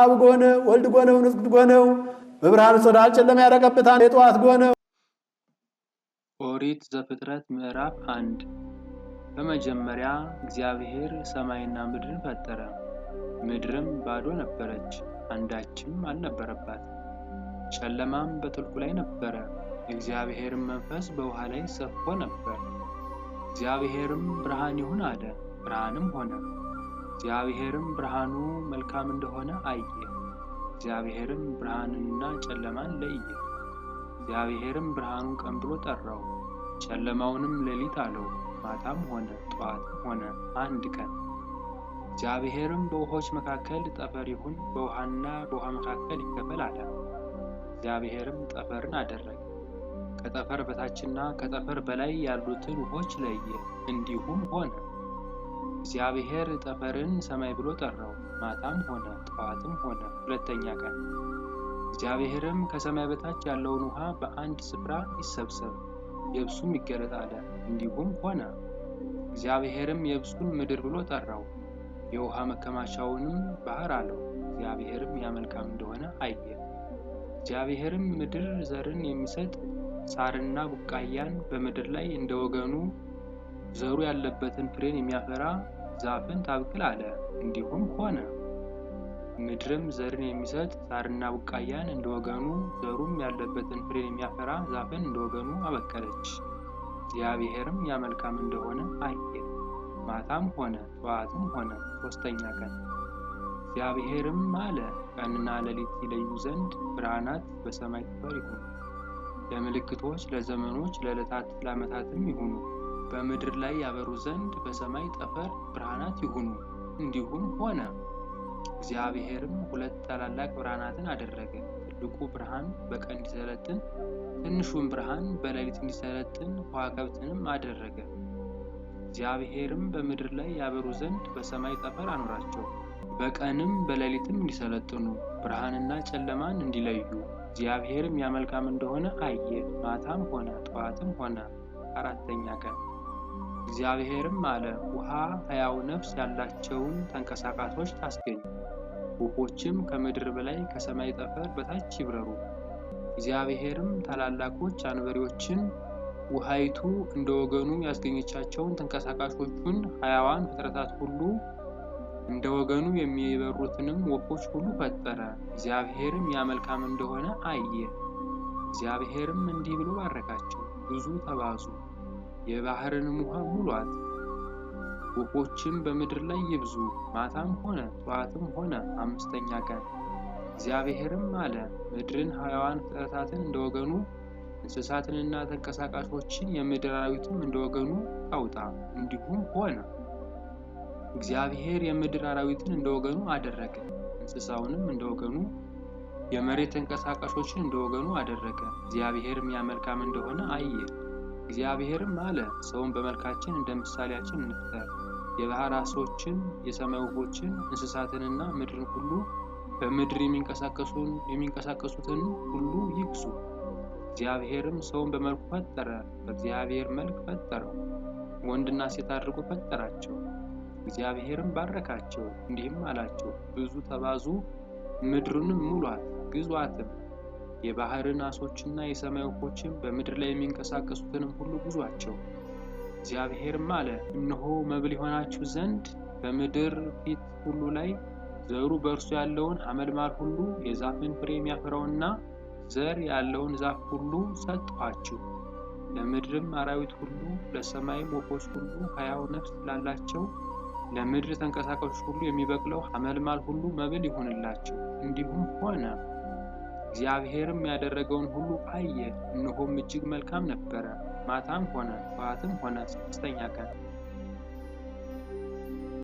አብ ጎነ ወልድ ጎነ ንስግድ ጎነው በብርሃን ጸዳል ጨለማ ያረቀብታን የጠዋት ጎነው። ኦሪት ዘፍጥረት ምዕራፍ አንድ በመጀመሪያ እግዚአብሔር ሰማይና ምድርን ፈጠረ። ምድርም ባዶ ነበረች፣ አንዳችም አልነበረባት። ጨለማም በጥልቁ ላይ ነበረ፣ የእግዚአብሔርም መንፈስ በውሃ ላይ ሰፎ ነበር። እግዚአብሔርም ብርሃን ይሁን አለ፣ ብርሃንም ሆነ። እግዚአብሔርም ብርሃኑ መልካም እንደሆነ አየ። እግዚአብሔርም ብርሃንንና ጨለማን ለየ። እግዚአብሔርም ብርሃኑን ቀን ብሎ ጠራው፣ ጨለማውንም ሌሊት አለው። ማታም ሆነ ጠዋትም ሆነ አንድ ቀን። እግዚአብሔርም በውሆች መካከል ጠፈር ይሁን፣ በውሃና በውሃ መካከል ይከፈል አለ። እግዚአብሔርም ጠፈርን አደረገ፣ ከጠፈር በታችና ከጠፈር በላይ ያሉትን ውሆች ለየ። እንዲሁም ሆነ። እግዚአብሔር ጠፈርን ሰማይ ብሎ ጠራው። ማታም ሆነ ጠዋትም ሆነ ሁለተኛ ቀን። እግዚአብሔርም ከሰማይ በታች ያለውን ውሃ በአንድ ስፍራ ይሰብሰብ፣ የብሱም ይገለጥ አለ። እንዲሁም ሆነ። እግዚአብሔርም የብሱን ምድር ብሎ ጠራው፣ የውሃ መከማቻውንም ባህር አለው። እግዚአብሔርም ያ መልካም እንደሆነ አየ። እግዚአብሔርም ምድር ዘርን የሚሰጥ ሳርና ቡቃያን በምድር ላይ እንደ ወገኑ ዘሩ ያለበትን ፍሬን የሚያፈራ ዛፍን ታብቅል አለ። እንዲሁም ሆነ። ምድርም ዘርን የሚሰጥ ሳርና ቡቃያን እንደ ወገኑ ዘሩም ያለበትን ፍሬን የሚያፈራ ዛፍን እንደ ወገኑ አበቀለች። እግዚአብሔርም ያ መልካም እንደሆነ አየ። ማታም ሆነ ጠዋትም ሆነ ሶስተኛ ቀን። እግዚአብሔርም አለ፣ ቀንና ሌሊት ይለዩ ዘንድ ብርሃናት በሰማይ ጠፈር ይሁኑ፣ ለምልክቶች፣ ለዘመኖች፣ ለዕለታት፣ ለዓመታትም ይሁኑ በምድር ላይ ያበሩ ዘንድ በሰማይ ጠፈር ብርሃናት ይሁኑ። እንዲሁም ሆነ። እግዚአብሔርም ሁለት ታላላቅ ብርሃናትን አደረገ። ትልቁ ብርሃን በቀን እንዲሰለጥን፣ ትንሹም ብርሃን በሌሊት እንዲሰለጥን ከዋክብትንም አደረገ። እግዚአብሔርም በምድር ላይ ያበሩ ዘንድ በሰማይ ጠፈር አኖራቸው፣ በቀንም በሌሊትም እንዲሰለጥኑ፣ ብርሃንና ጨለማን እንዲለዩ። እግዚአብሔርም ያ መልካም እንደሆነ አየ። ማታም ሆነ ጠዋትም ሆነ አራተኛ ቀን። እግዚአብሔርም አለ፣ ውሃ ሕያው ነፍስ ያላቸውን ተንቀሳቃሾች ታስገኝ፣ ወፎችም ከምድር በላይ ከሰማይ ጠፈር በታች ይብረሩ። እግዚአብሔርም ታላላቆች አንበሪዎችን ውሃይቱ እንደ ወገኑ ያስገኘቻቸውን ተንቀሳቃሾቹን ሕያዋን ፍጥረታት ሁሉ እንደ ወገኑ የሚበሩትንም ወፎች ሁሉ ፈጠረ። እግዚአብሔርም ያ መልካም እንደሆነ አየ። እግዚአብሔርም እንዲህ ብሎ ባረካቸው፣ ብዙ ተባዙ የባህርን ውሃ ሙሏት። ወፎችም በምድር ላይ ይብዙ። ማታም ሆነ ጠዋትም ሆነ አምስተኛ ቀን። እግዚአብሔርም አለ፣ ምድርን ሕያዋን ፍጥረታትን እንደወገኑ እንስሳትንና ተንቀሳቃሾችን የምድር አራዊትም እንደወገኑ አውጣ። እንዲሁም ሆነ። እግዚአብሔር የምድር አራዊትን እንደወገኑ አደረገ፣ እንስሳውንም እንደወገኑ፣ የመሬት ተንቀሳቃሾችን እንደወገኑ አደረገ። እግዚአብሔርም ያ መልካም እንደሆነ አየ። እግዚአብሔርም አለ፣ ሰውን በመልካችን እንደ ምሳሌያችን እንፍጠር፣ የባህር ዓሦችን፣ የሰማይ ወፎችን፣ እንስሳትንና ምድርን ሁሉ በምድር የሚንቀሳቀሱትን ሁሉ ይግዙ። እግዚአብሔርም ሰውን በመልኩ ፈጠረ፣ በእግዚአብሔር መልክ ፈጠረው፣ ወንድና ሴት አድርጎ ፈጠራቸው። እግዚአብሔርም ባረካቸው፣ እንዲህም አላቸው፦ ብዙ ተባዙ፣ ምድሩንም ሙሏት፣ ግዟትም የባህርን አሶችና የሰማይ ወፎችን በምድር ላይ የሚንቀሳቀሱትንም ሁሉ ጉዟቸው። እግዚአብሔርም አለ፣ እነሆ መብል የሆናችሁ ዘንድ በምድር ፊት ሁሉ ላይ ዘሩ በእርሱ ያለውን አመልማል ሁሉ የዛፍን ፍሬ የሚያፈራውና ዘር ያለውን ዛፍ ሁሉ ሰጥኋችሁ። ለምድርም አራዊት ሁሉ ለሰማይም ወፎች ሁሉ ሕያው ነፍስ ላላቸው ለምድር ተንቀሳቃሾች ሁሉ የሚበቅለው አመልማል ሁሉ መብል ይሆንላቸው። እንዲሁም ሆነ። እግዚአብሔርም ያደረገውን ሁሉ አየ፣ እነሆም እጅግ መልካም ነበረ። ማታም ሆነ ጠዋትም ሆነ ሦስተኛ ቀን